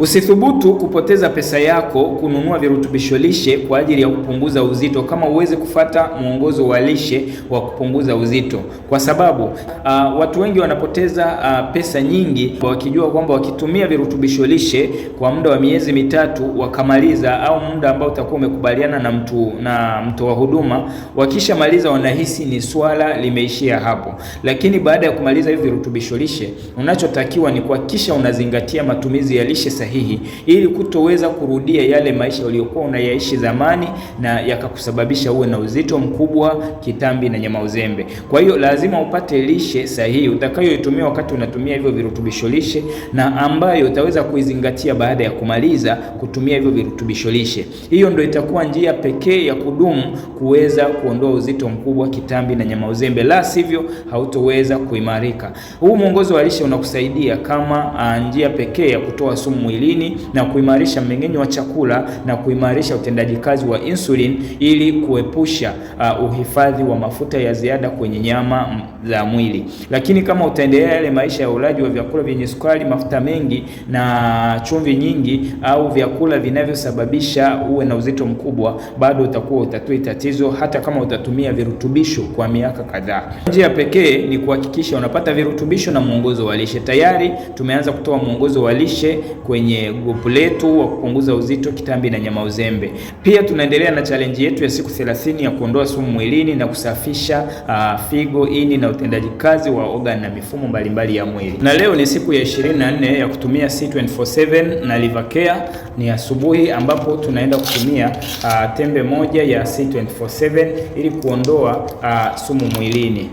Usithubutu kupoteza pesa yako kununua virutubisho lishe kwa ajili ya kupunguza uzito kama uweze kufata mwongozo wa lishe wa kupunguza uzito, kwa sababu uh, watu wengi wanapoteza uh, pesa nyingi wakijua kwamba wakitumia virutubisho lishe kwa muda wa miezi mitatu wakamaliza, au muda ambao utakuwa umekubaliana na mtu na mtoa huduma, wakishamaliza wanahisi ni swala limeishia hapo. Lakini baada ya kumaliza hivi virutubisho lishe, unachotakiwa ni kuhakikisha unazingatia matumizi ya lishe sahi sahihi, ili kutoweza kurudia yale maisha uliyokuwa unayaishi zamani na yakakusababisha uwe na uzito mkubwa, kitambi na nyama uzembe. Kwa hiyo lazima upate lishe sahihi utakayoitumia wakati unatumia hivyo virutubisho lishe, na ambayo utaweza kuizingatia baada ya kumaliza kutumia hivyo virutubisho lishe. Hiyo ndio itakuwa njia pekee ya kudumu kuweza kuondoa uzito mkubwa, kitambi na nyama uzembe, la sivyo hautoweza kuimarika. Huu mwongozo wa lishe unakusaidia kama ah, njia pekee ya kutoa sumu mwili mwilini na kuimarisha mmeng'enyo wa chakula na kuimarisha utendaji kazi wa insulin ili kuepusha uh, uhifadhi wa mafuta ya ziada kwenye nyama mm, za mwili. Lakini kama utaendelea yale maisha ya ulaji wa vyakula vyenye sukari, mafuta mengi na chumvi nyingi au vyakula vinavyosababisha uwe na uzito mkubwa, bado utakuwa utatui tatizo hata kama utatumia virutubisho kwa miaka kadhaa. Njia pekee ni kuhakikisha unapata virutubisho na mwongozo wa lishe. Tayari tumeanza kutoa mwongozo wa lishe kwenye kwenye grupu letu wa kupunguza uzito kitambi na nyama uzembe. Pia tunaendelea na challenge yetu ya siku 30 ya kuondoa sumu mwilini na kusafisha uh, figo, ini na utendaji kazi wa organ na mifumo mbalimbali ya mwili. Na leo ni siku ya 24 ya kutumia C247 na Liver Care ni asubuhi, ambapo tunaenda kutumia uh, tembe moja ya C247 ili kuondoa uh, sumu mwilini.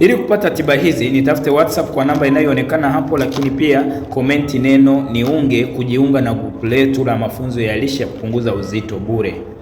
Ili kupata tiba hizi nitafute WhatsApp kwa namba inayoonekana hapo, lakini pia komenti neno niunge kujiunga na grupu letu la mafunzo ya lishe ya kupunguza uzito bure.